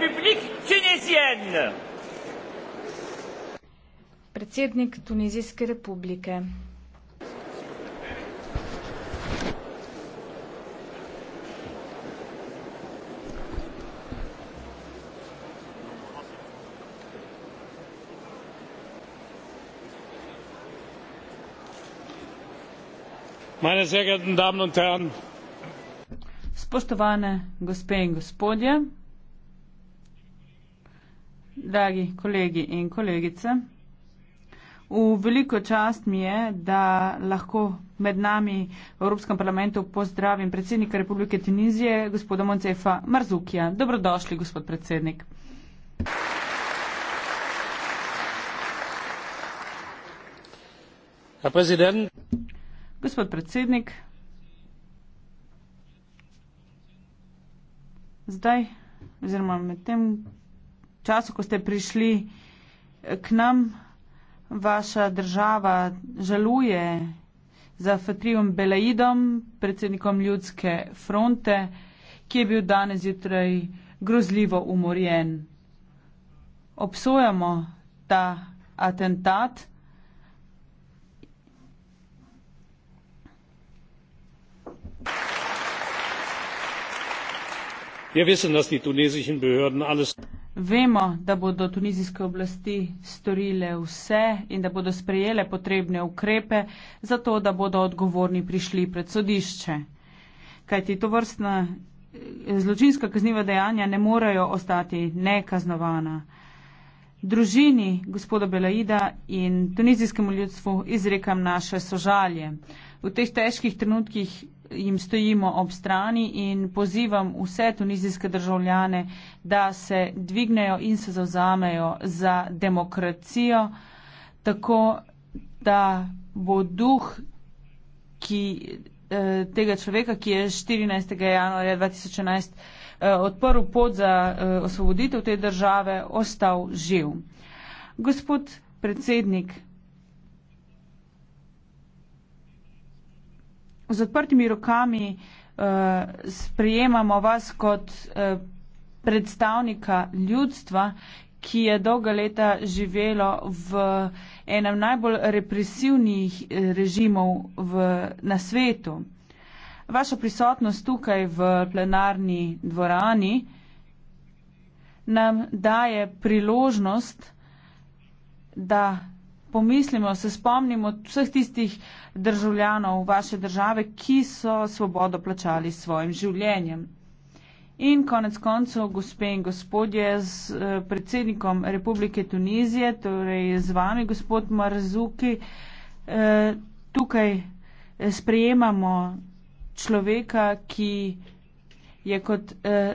République tunisienne. Predsednik Tunizijske republike. Meine sehr geehrten Damen und Herren. Spoštovane gospe in gospodje dragi kolegi in kolegice. V veliko čast mi je, da lahko med nami v Evropskem parlamentu pozdravim predsednika Republike Tunizije, gospoda Moncefa Marzukija. Dobrodošli, gospod predsednik. Gospod predsednik, zdaj oziroma med tem, času, ko ste prišli eh, k nam, vaša država žaluje za Fatrijom Belaidom, predsednikom ljudske fronte, ki je bil danes jutraj grozljivo umorjen. Obsojamo ta atentat. Wir wissen, dass die tunesischen Behörden alles Vemo, da bodo tunizijske oblasti storile vse in da bodo sprejele potrebne ukrepe za to, da bodo odgovorni prišli pred sodišče. Kajti to vrstna eh, zločinska kazniva dejanja ne morejo ostati nekaznovana. Družini gospoda Belaida in tunizijskemu ljudstvu izrekam naše sožalje. V teh težkih trenutkih jim stojimo ob strani in pozivam vse tunizijske državljane, da se dvignejo in se zauzamejo za demokracijo, tako da bo duh ki, eh, tega človeka, ki je 14. januarja 2011 eh, odprl pot za eh, osvoboditev te države, ostal živ. Gospod predsednik, z odprtimi rokami eh, sprejemamo vas kot eh, predstavnika ljudstva, ki je dolga leta živelo v enem najbolj represivnih eh, režimov v, na svetu. Vaša prisotnost tukaj v plenarni dvorani nam daje priložnost, da pomislimo, se spomnimo vseh tistih državljanov vaše države, ki so svobodo plačali s svojim življenjem. In konec koncev, gospe in gospodje, z eh, predsednikom Republike Tunizije, torej z vami, gospod Marzuki, eh, tukaj eh, sprejemamo človeka, ki je kot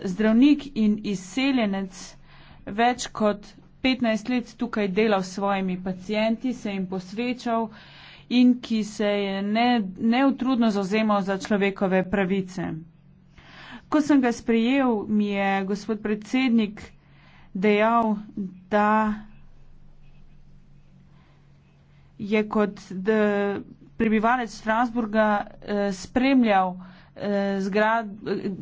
zdravnik in izseljenec več kot 15 let tukaj delal s svojimi pacijenti, se jim posvečal in ki se je ne, neutrudno zauzemal za človekove pravice. Ko sem ga sprejel, mi je gospod predsednik dejal, da je kot prebivalec Strasburga eh, spremljal Eh, zgrad,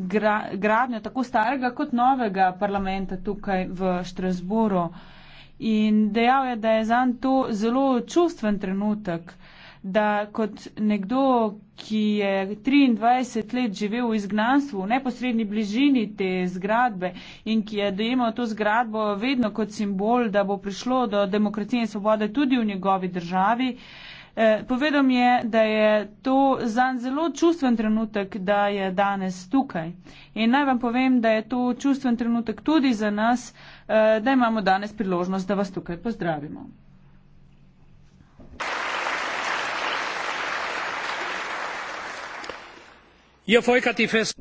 gra, gradnjo tako starega kot novega parlamenta tukaj v Štrasburu. In dejal je, da je za njega to zelo čustven trenutek, da kot nekdo, ki je 23 let živel v izgnanstvu, v neposrednji bližini te zgradbe in ki je dojemal to zgradbo vedno kot simbol, da bo prišlo do demokracije in svobode tudi v njegovi državi, eh, Eh, povedal mi je, da je to zanj zelo čustven trenutek, da je danes tukaj. In naj vam povem, da je to čustven trenutek tudi za nas, eh, da imamo danes priložnost, da vas tukaj pozdravimo. Ihr Volk hat die Fest.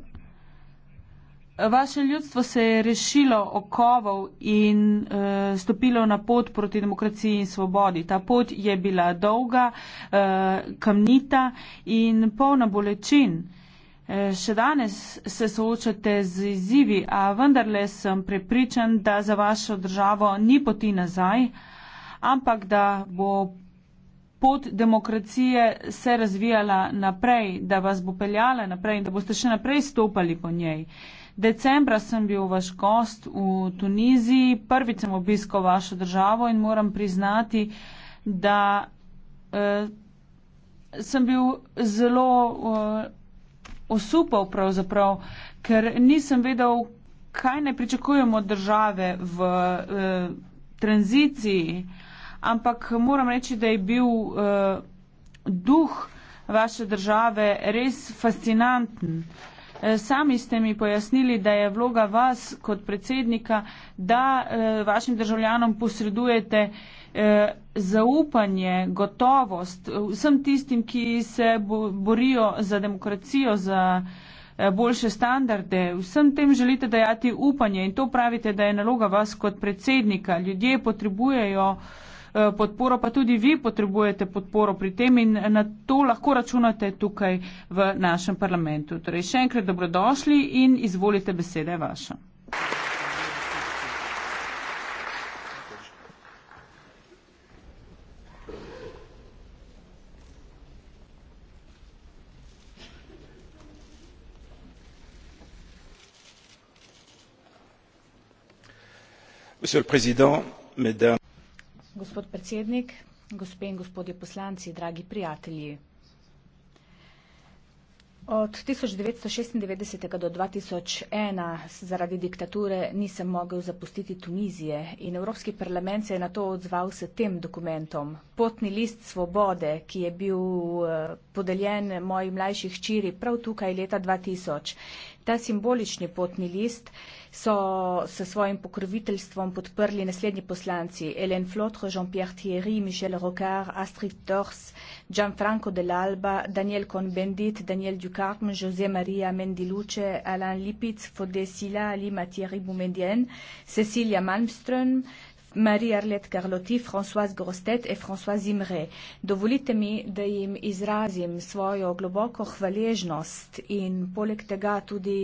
Vaše ljudstvo se je rešilo okovov in uh, stopilo na pot proti demokraciji in svobodi. Ta pot je bila dolga, uh, kamnita in polna bolečin. Eh, še danes se soočate z izzivi, a vendarle sem prepričan, da za vašo državo ni poti nazaj, ampak da bo pot demokracije se razvijala naprej, da vas bo peljala naprej in da boste še naprej stopali po njej. Uh, Decembra sem bil vaš gost v Tuniziji, prvič sem obiskal vašo državo in moram priznati, da eh, sem bil zelo eh, osupal, pravzaprav, ker nisem vedel, kaj ne pričakujemo od države v eh, tranziciji, ampak moram reči, da je bil eh, duh vaše države res fascinanten. Eh, sami ste mi pojasnili, da je vloga vas kot predsednika, da eh, vašim državljanom posredujete eh, zaupanje, gotovost vsem tistim, ki se borijo za demokracijo, za boljše standarde. Vsem tem želite dajati upanje in to pravite, da je naloga vas kot predsednika. Ljudje potrebujejo uh, Eh, podporo, pa tudi vi potrebujete podporo pri tem in na to lahko računate tukaj v našem parlamentu. Torej, še enkrat dobrodošli in izvolite besede vaša. Monsieur le Président, Mesdames, Gospod predsednik, gospe in gospodje poslanci, dragi prijatelji. Od 1996. do 2001 zaradi diktature nisem mogel zapustiti Tunizije in Evropski parlament se je na to odzval s tem dokumentom. Potni list svobode, ki je bil eh, podeljen moji mlajših čiri prav tukaj leta 2000 ta simbolični potni list so s svojim pokroviteljstvom podprli naslednji poslanci Ellen Flotre, Jean-Pierre Thierry, Michel Rocard, Astrid Tors, Gianfranco dell'Alba, Daniel Cohn-Bendit, Daniel Ducarme, José Maria Mendiluce, Alain Lipitz, Fodé Silla, Lima Thierry Boumendien, Cecilia Malmström, Marie-Arlette Carlotti, Françoise Grostet in Françoise Zimre. Dovolite mi, da jim izrazim svojo globoko hvaležnost in poleg tega tudi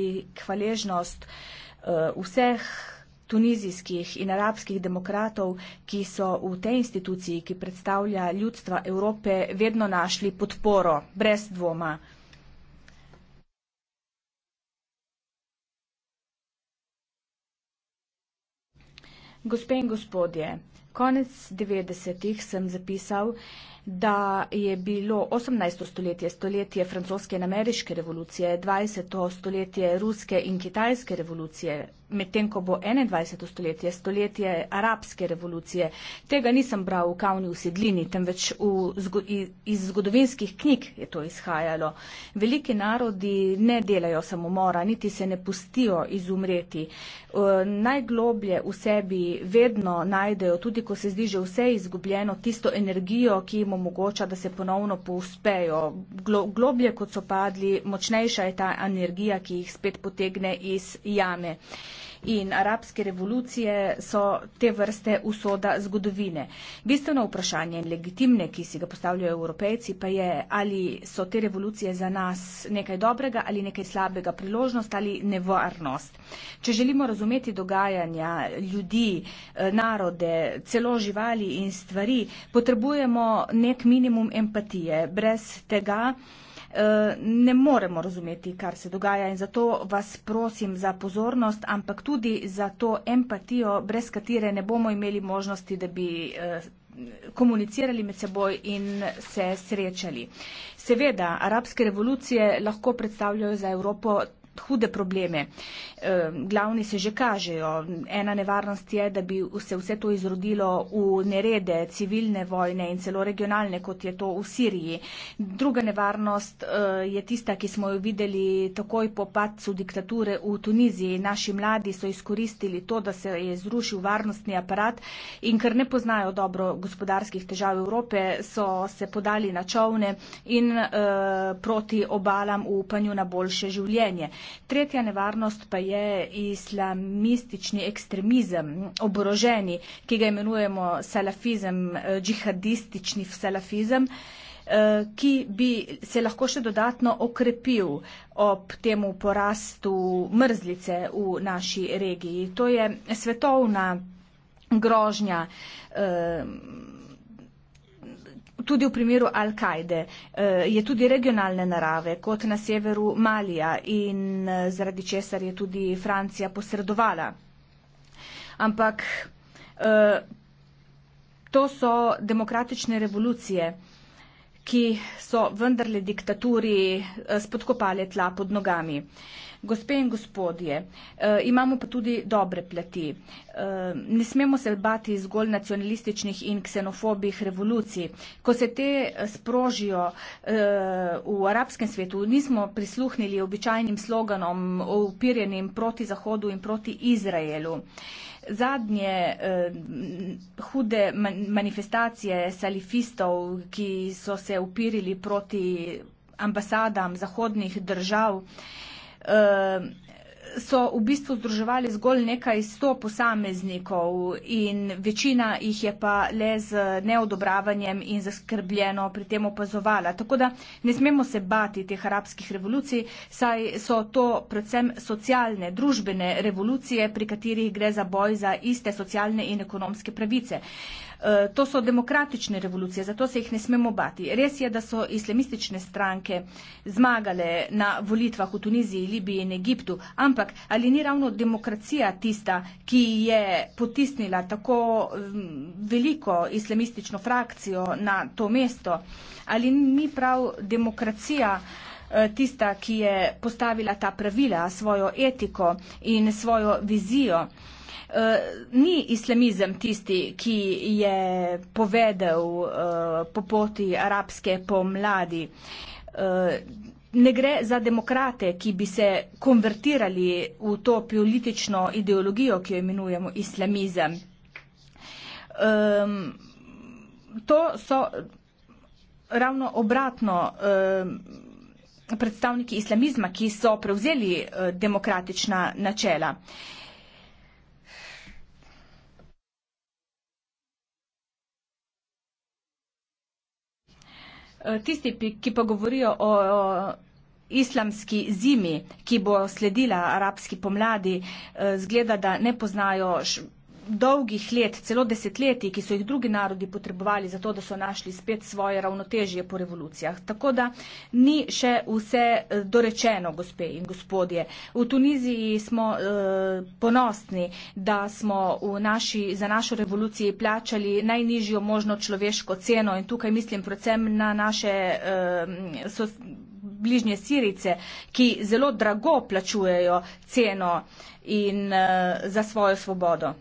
hvaležnost eh, vseh tunizijskih in arabskih demokratov, ki so v tej instituciji, ki predstavlja ljudstva Evrope, vedno našli podporo, brez dvoma. Gospe in gospodje, konec 90-ih sem zapisal, da je bilo 18. stoletje stoletje francoske in ameriške revolucije, 20. stoletje ruske in kitajske revolucije, medtem ko bo 21. stoletje stoletje arabske revolucije. Tega nisem bral v kavni usedlini, temveč v, iz zgodovinskih knjig je to izhajalo. Veliki narodi ne delajo samomora, niti se ne pustijo izumreti. Najgloblje v sebi vedno najdejo, tudi ko se zdi že vse izgubljeno, tisto energijo, ki jim omogoča, da se ponovno pouspejo. Globlje kot so padli, močnejša je ta energija, ki jih spet potegne iz jame in arabske revolucije so te vrste usoda zgodovine. Bistveno vprašanje in legitimne, ki si ga postavljajo evropejci, pa je, ali so te revolucije za nas nekaj dobrega ali nekaj slabega, priložnost ali nevarnost. Če želimo razumeti dogajanja ljudi, eh, narode, celo živali in stvari, potrebujemo nek minimum empatije. Brez tega ne moremo razumeti, kar se dogaja in zato vas prosim za pozornost, ampak tudi za to empatijo, brez katere ne bomo imeli možnosti, da bi eh, komunicirali med seboj in se srečali. Seveda, arabske revolucije lahko predstavljajo za Evropo hude probleme. Ehm, glavni se že kažejo. Ena nevarnost je, da bi se vse to izrodilo v nerede, civilne vojne in celo regionalne, kot je to v Siriji. Druga nevarnost eh, je tista, ki smo jo videli takoj po padcu diktature v Tuniziji. Naši mladi so izkoristili to, da se je zrušil varnostni aparat in ker ne poznajo dobro gospodarskih težav Evrope, so se podali na čovne in eh, proti obalam v upanju na boljše življenje. Tretja nevarnost pa je islamistični ekstremizem, oboroženi, ki ga imenujemo salafizem, eh, džihadistični salafizem eh, ki bi se lahko še dodatno okrepil ob temu porastu mrzlice v naši regiji. To je svetovna grožnja. Eh, tudi v primeru Al-Kajde eh, je tudi regionalne narave, kot na severu Malija in eh, zaradi česar je tudi Francija posredovala. Ampak eh, to so demokratične revolucije ki so vendarle diktaturi eh, spodkopali tla pod nogami. Gospe in gospodje, eh, imamo pa tudi dobre plati. Eh, ne smemo se bati zgolj nacionalističnih in ksenofobih revolucij. Ko se te sprožijo v arabskem svetu, nismo prisluhnili običajnim sloganom o upirjenim proti Zahodu in proti Izraelu zadnje eh, hude man manifestacije salifistov, ki so se upirili proti ambasadam zahodnih držav, eh, so v bistvu združevali zgolj nekaj sto posameznikov in večina jih je pa le z neodobravanjem in zaskrbljeno pri tem opazovala. Tako da ne smemo se bati teh arabskih revolucij, saj so to predvsem socialne, družbene revolucije, pri katerih gre za boj za iste socialne in ekonomske pravice. E, to so demokratične revolucije, zato se jih ne smemo bati. Res je, da so islamistične stranke zmagale na volitvah v Tuniziji, Libiji in Egiptu, ampak ampak ali ni ravno demokracija tista, ki je potisnila tako mm, veliko islamistično frakcijo na to mesto? Ali ni prav demokracija eh, tista, ki je postavila ta pravila, svojo etiko in svojo vizijo? Eh, ni islamizem tisti, ki je povedal eh, po poti arabske pomladi ne gre za demokrate, ki bi se konvertirali v to politično ideologijo, ki jo imenujemo islamizem. Um, to so ravno obratno um, predstavniki islamizma, ki so prevzeli uh, demokratična načela. Uh, Eh, tisti, ki pa govorijo o, o islamski zimi, ki bo sledila arabski pomladi, eh, zgleda, da ne poznajo dolgih let, celo desetletij, ki so jih drugi narodi potrebovali za to, da so našli spet svoje ravnotežje po revolucijah. Tako da ni še vse eh, dorečeno, gospe in gospodje. V Tuniziji smo eh, ponosni, da smo naši, za našo revolucijo plačali najnižjo možno človeško ceno in tukaj mislim predvsem na naše. Eh, so, bližnje Sirice, ki zelo drago plačujejo ceno in uh, za svojo svobodo.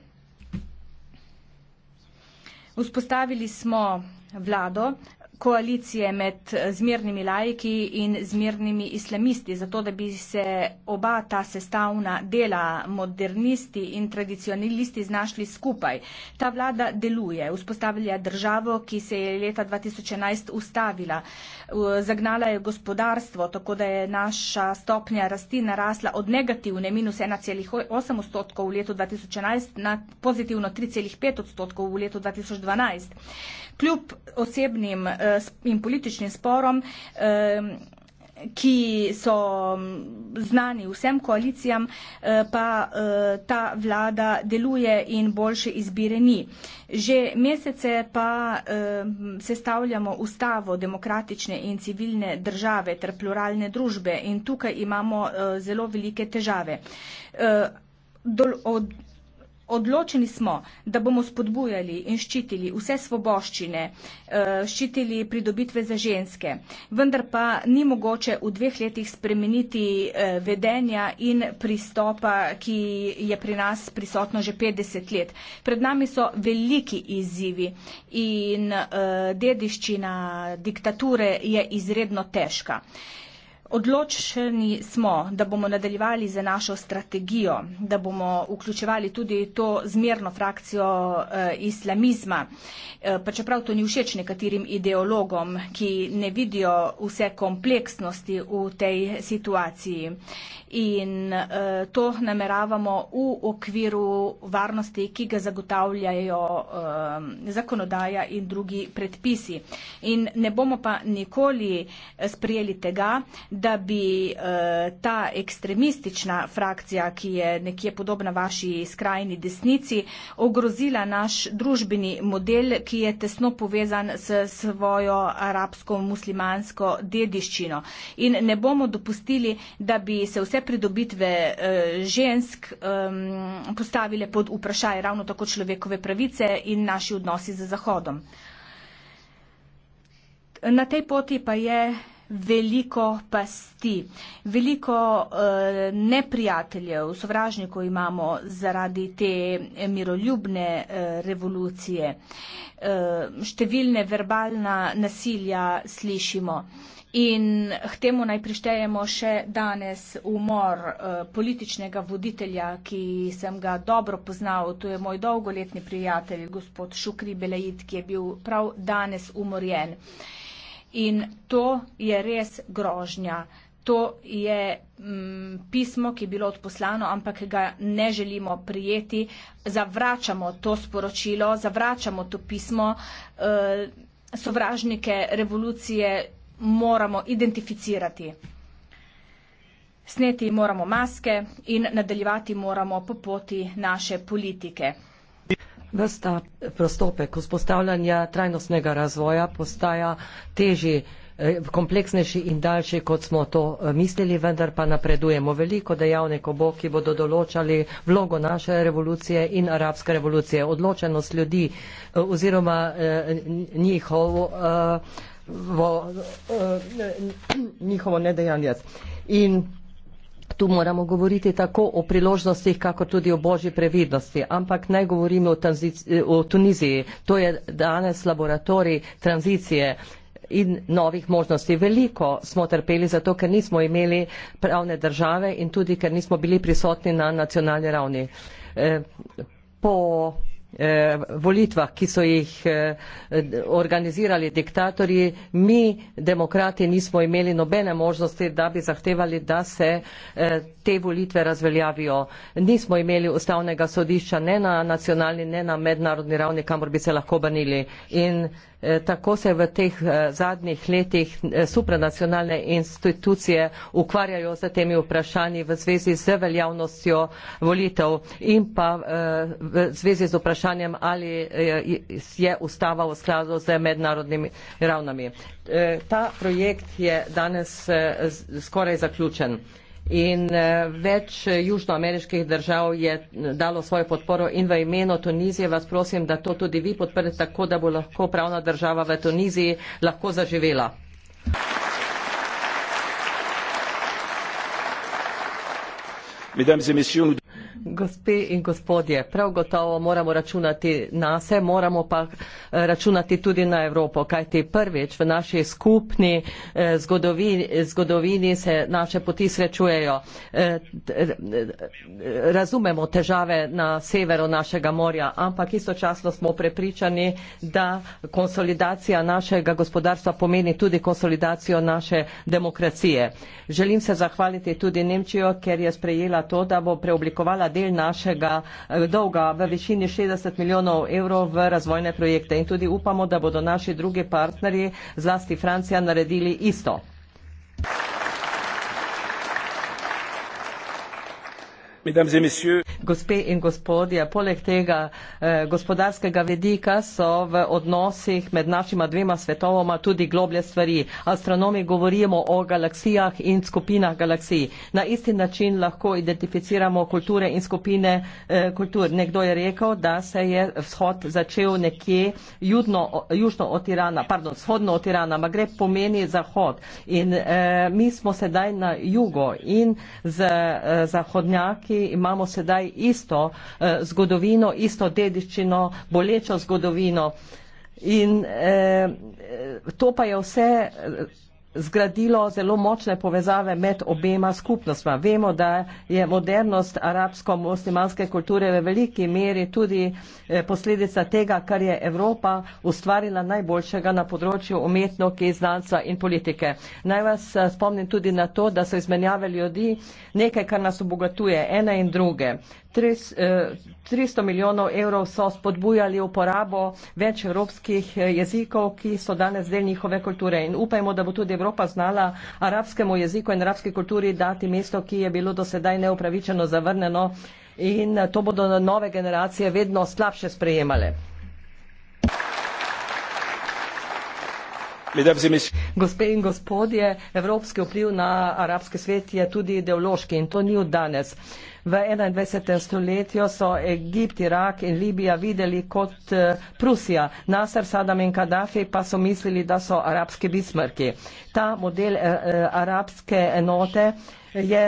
Vzpostavili smo vlado, koalicije med eh, zmernimi lajki in zmernimi islamisti, zato da bi se oba ta sestavna dela, modernisti in tradicionalisti, znašli skupaj. Ta vlada deluje, vzpostavlja državo, ki se je leta 2011 ustavila, zagnala je gospodarstvo, tako da je naša stopnja rasti narasla od negativne minus 1,8 odstotkov v letu 2011 na pozitivno 3,5 odstotkov v letu 2012 kljub osebnim eh, in političnim sporom, eh, ki so mm, znani vsem koalicijam, eh, pa ta vlada deluje in boljše izbire ni. Že mesece pa sestavljamo ustavo demokratične in civilne države ter pluralne družbe in tukaj imamo zelo velike težave. Dol od Odločeni smo, da bomo spodbujali in ščitili vse svoboščine, eh, ščitili pridobitve za ženske, vendar pa ni mogoče v dveh letih spremeniti eh, vedenja in pristopa, ki je pri nas prisotno že 50 let. Pred nami so veliki izzivi in eh, dediščina diktature je izredno težka. Odločeni smo, da bomo nadaljevali za našo strategijo, da bomo vključevali tudi to zmerno frakcijo eh, islamizma, eh, pa čeprav to ni všeč nekaterim ideologom, ki ne vidijo vse kompleksnosti v tej situaciji. In eh, to nameravamo v okviru varnosti, ki ga zagotavljajo eh, zakonodaja in drugi predpisi. In ne bomo pa nikoli eh, sprijeli tega, da bi eh, ta ekstremistična frakcija, ki je nekje podobna vaši skrajni desnici, ogrozila naš družbeni model, ki je tesno povezan s svojo arabsko-muslimansko dediščino. In ne bomo dopustili, da bi se vse pridobitve eh, žensk postavile pod vprašaj ravno tako človekove pravice in naši odnosi z Zahodom. Na tej poti pa je veliko pasti, veliko uh, neprijateljev, sovražnikov imamo zaradi te eh, miroljubne uh, revolucije. Uh, številne verbalna nasilja slišimo. In k temu naj prištejemo še danes umor uh, političnega voditelja, ki sem ga dobro poznal, to je moj dolgoletni prijatelj, gospod Šukri Belejit, ki je bil prav danes umorjen. Uh, In to je res grožnja. To je mm, pismo, ki je bilo odposlano, ampak ga ne želimo prijeti. Zavračamo to sporočilo, zavračamo to pismo. E, sovražnike revolucije moramo identificirati. Sneti moramo maske in nadaljevati moramo po poti naše politike. Vesta prostopek vzpostavljanja trajnostnega razvoja postaja težji, eh, kompleksnejši in daljši, kot smo to eh, mislili, vendar pa napredujemo. Veliko dejavnikov bo, ki bodo določali vlogo naše revolucije in arabske revolucije. Odločenost ljudi eh, oziroma njihov, njihovo nedejanje. In Tu moramo govoriti tako o priložnostih, kako tudi o božji previdnosti, ampak ne govorimo o, eh, o Tuniziji. To je danes laboratorij tranzicije in novih možnosti. Veliko smo trpeli zato, ker nismo imeli pravne države in tudi, ker nismo bili prisotni na nacionalni ravni. E, po Eh, volitvah, ki so jih eh, organizirali diktatorji, mi, demokrati, nismo imeli nobene možnosti, da bi zahtevali, da se eh, te volitve razveljavijo. Nismo imeli ustavnega sodišča ne na nacionalni, ne na mednarodni ravni, kamor bi se lahko banili. In Eh, tako se v teh eh, zadnjih letih eh, supranacionalne institucije ukvarjajo z temi vprašanji v zvezi z veljavnostjo volitev in pa v zvezi z vprašanjem, ali je ustava v skladu z mednarodnimi ravnami. Ta projekt je danes skoraj zaključen in eh, več eh, južnoameriških držav je eh, dalo svojo podporo in v imenu Tunizije vas prosim, da to tudi vi podprete, tako da bo lahko pravna država v Tuniziji lahko zaživela. Mesdames et messieurs, nous Gospe in gospodje, prav gotovo moramo računati na se, moramo pa eh, računati tudi na Evropo, kajti prvič v naši skupni eh, zgodovini, zgodovini se naše poti srečujejo. Eh, razumemo težave na severu našega morja, ampak istočasno smo prepričani, da konsolidacija našega gospodarstva pomeni tudi konsolidacijo naše demokracije. Želim se zahvaliti tudi Nemčijo, ker je sprejela to, da bo preoblikovala dala del našega eh, dolga v višini 60 milijonov evrov v razvojne projekte in tudi upamo, da bodo naši drugi partnerji, zlasti Francija, naredili isto. Gospe in gospodje, poleg tega eh, gospodarskega vedika so v odnosih med našima dvema svetovoma tudi globlje stvari. Astronomi govorimo o galaksijah in skupinah galaksij. Na isti način lahko identificiramo kulture in skupine eh, kultur. Nekdo je rekel, da se je vzhod začel nekje judno, južno od Irana, pardon, vzhodno od Irana, Magreb pomeni zahod. In eh, mi smo sedaj na jugo in z eh, zahodnjaki Sloveniki imamo sedaj isto eh, zgodovino, isto dediščino, bolečo zgodovino. In eh, to pa je vse. Eh, zgradilo zelo močne povezave med obema skupnostma. Vemo, da je modernost arabsko-muslimanske kulture v veliki meri tudi eh, posledica tega, kar je Evropa ustvarila najboljšega na področju umetnosti, znanca in politike. Naj vas eh, spomnim tudi na to, da so izmenjave ljudi nekaj, kar nas obogatuje, ene in druge. 300 eh, milijonov evrov so spodbujali uporabo več evropskih eh, jezikov, ki so danes del njihove kulture. In upajmo, da bo tudi Evropa znala arabskemu jeziku in arabski kulturi dati mesto, ki je bilo do sedaj neupravičeno zavrneno. In eh, to bodo nove generacije vedno slabše sprejemale. Gospe in gospodje, evropski vpliv na arabski svet je tudi ideološki in to ni od danes. Uh, V 21. stoletju so Egipt, Irak in Libija videli kot eh, Prusija. Nasr, Saddam in Kadafi pa so mislili, da so arabski bismrki. Ta model eh, eh, arabske enote je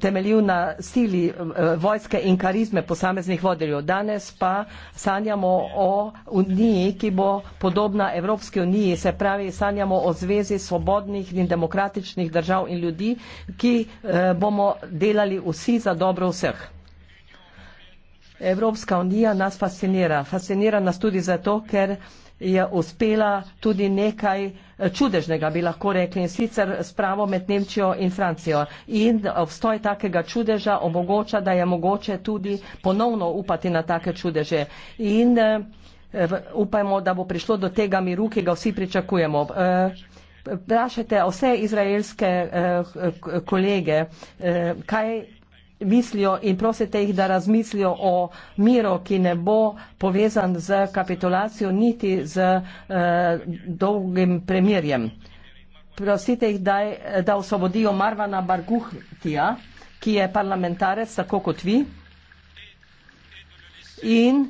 temeljil na sili eh, vojske in karizme posameznih vodeljev. Danes pa sanjamo o uniji, ki bo podobna Evropski uniji, se pravi sanjamo o zvezi svobodnih in demokratičnih držav in ljudi, ki eh, bomo delali vsi za dobro vseh. Evropska unija nas fascinira. Fascinira nas tudi zato, ker je uspela tudi nekaj eh, čudežnega, bi lahko rekli, in sicer spravo med Nemčijo in Francijo. In obstoj takega čudeža omogoča, da je mogoče tudi ponovno upati na take čudeže. In eh, upajmo, da bo prišlo do tega miru, ki ga vsi pričakujemo. Eh, vprašajte vse izraelske kolege, kaj mislijo in prosite jih, da razmislijo o miru, ki ne bo povezan z kapitulacijo niti z eh, dolgim premirjem. Prosite jih, da, da osvobodijo Marvana Barguhtija, ki je parlamentarec, tako kot vi. In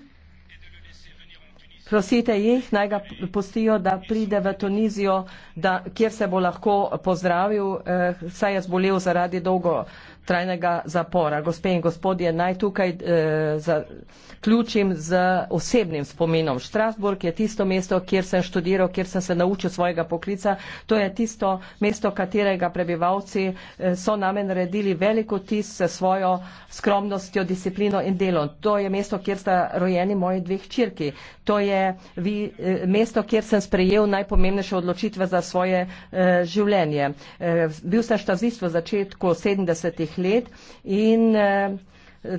prosite jih, naj ga pustijo, da pride v Tunizijo, da, kjer se bo lahko pozdravil, eh, saj je zbolel zaradi dolgo, trajnega zapora. Gospe in gospodje, naj tukaj eh, zaključim z osebnim spominom. Strasburg je tisto mesto, kjer sem študiral, kjer sem se naučil svojega poklica. To je tisto mesto, katerega prebivalci eh, so namen naredili veliko tis s svojo skromnostjo, disciplino in delom. To je mesto, kjer sta rojeni moji dveh čirki. To je vi, eh, mesto, kjer sem sprejel najpomembnejše odločitve za svoje eh, življenje. Eh, bil sem štazist v začetku 70-ih teh let in eh,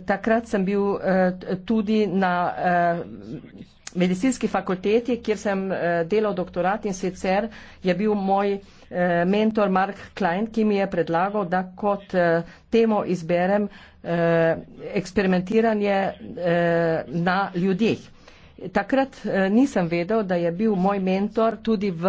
takrat sem bil eh, tudi na eh, medicinski fakulteti, kjer sem eh, delal doktorat in sicer je bil moj eh, mentor Mark Klein, ki mi je predlagal, da kot eh, temo izberem eh, eksperimentiranje eh, na ljudeh. Takrat eh, nisem vedel, da je bil moj mentor tudi v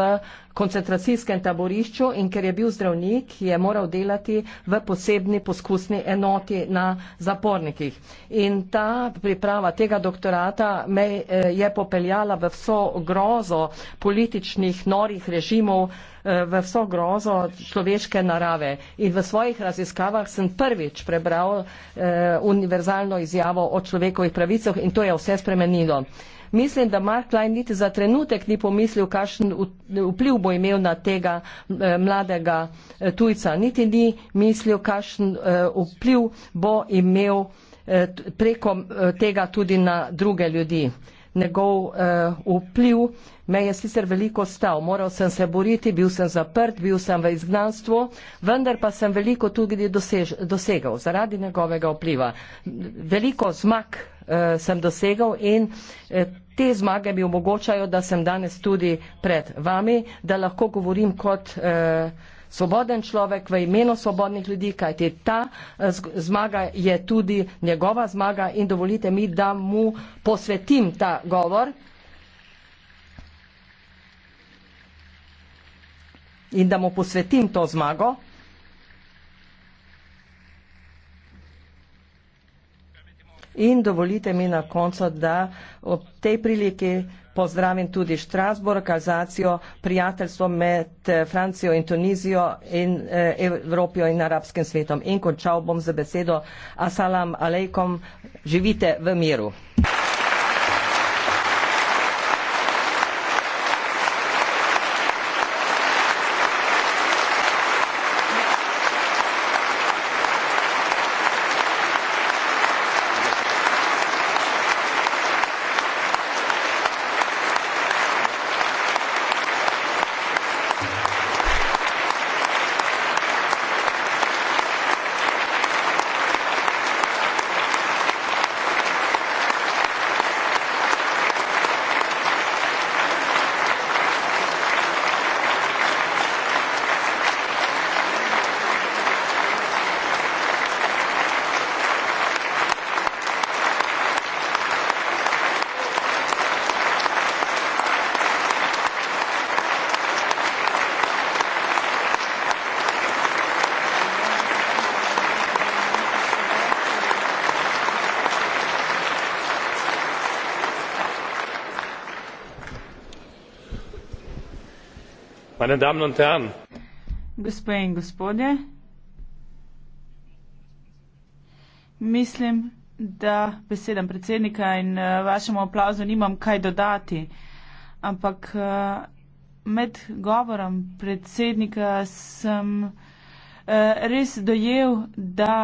koncentracijskem taborišču in ker je bil zdravnik, je moral delati v posebni poskusni enoti na zapornikih. In ta priprava tega doktorata me eh, je popeljala v vso grozo političnih norih režimov, eh, v vso grozo človeške narave. In v svojih raziskavah sem prvič prebral eh, univerzalno izjavo o človekovih pravicah in to je vse spremenilo mislim, da Mark Klein niti za trenutek ni pomislil, kakšen vpliv bo imel na tega eh, mladega eh, tujca. Niti ni mislil, kakšen eh, vpliv bo imel preko tega tudi na druge ljudi njegov uh, vpliv me je sicer veliko stal. Moral sem se boriti, bil sem zaprt, bil sem v izgnanstvu, vendar pa sem veliko tudi dosež, dosegal zaradi njegovega vpliva. Veliko zmag uh, sem dosegal in uh, te zmage mi omogočajo, da sem danes tudi pred vami, da lahko govorim kot. Uh, svoboden človek v imenu svobodnih ljudi, kajti ta eh, zmaga je tudi njegova zmaga in dovolite mi, da mu posvetim ta govor. In da mu posvetim to zmago. In dovolite mi na koncu, da ob tej priliki pozdravim tudi Štrasburg, Alzacijo, prijateljstvo med eh, Francijo in Tunizijo in eh, Evropijo in arabskim svetom. In končal bom z besedo Asalam alaikum, živite v miru. meine Damen und Herren. Gospe in gospodje, mislim, da besedam predsednika in eh, vašemu aplauzu nimam kaj dodati, ampak eh, med govorom predsednika sem eh, res dojel, da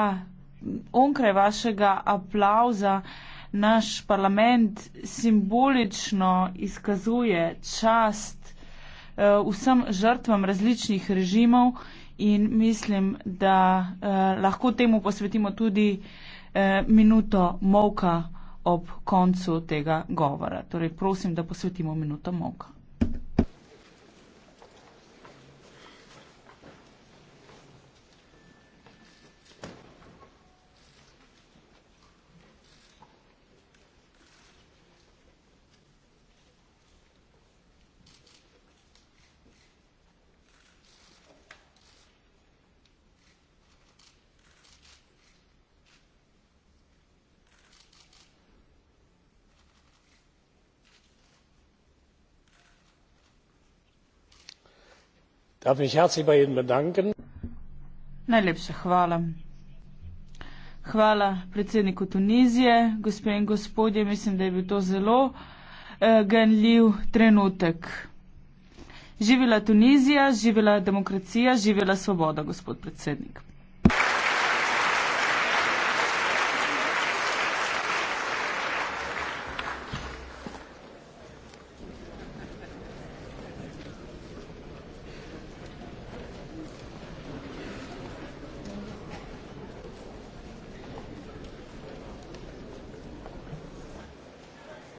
onkraj vašega aplauza naš parlament simbolično izkazuje čast Eh, vsem žrtvam različnih režimov in mislim, da eh, lahko temu posvetimo tudi eh, minuto molka ob koncu tega govora. Torej prosim, da posvetimo minuto molka. darf mich herzlich bei Ihnen bedanken. Najlepša hvala. Hvala predsedniku Tunizije, gospe in gospodje, mislim, da je bil to zelo eh, ganljiv trenutek. Živela Tunizija, živela demokracija, živela svoboda, gospod predsednik.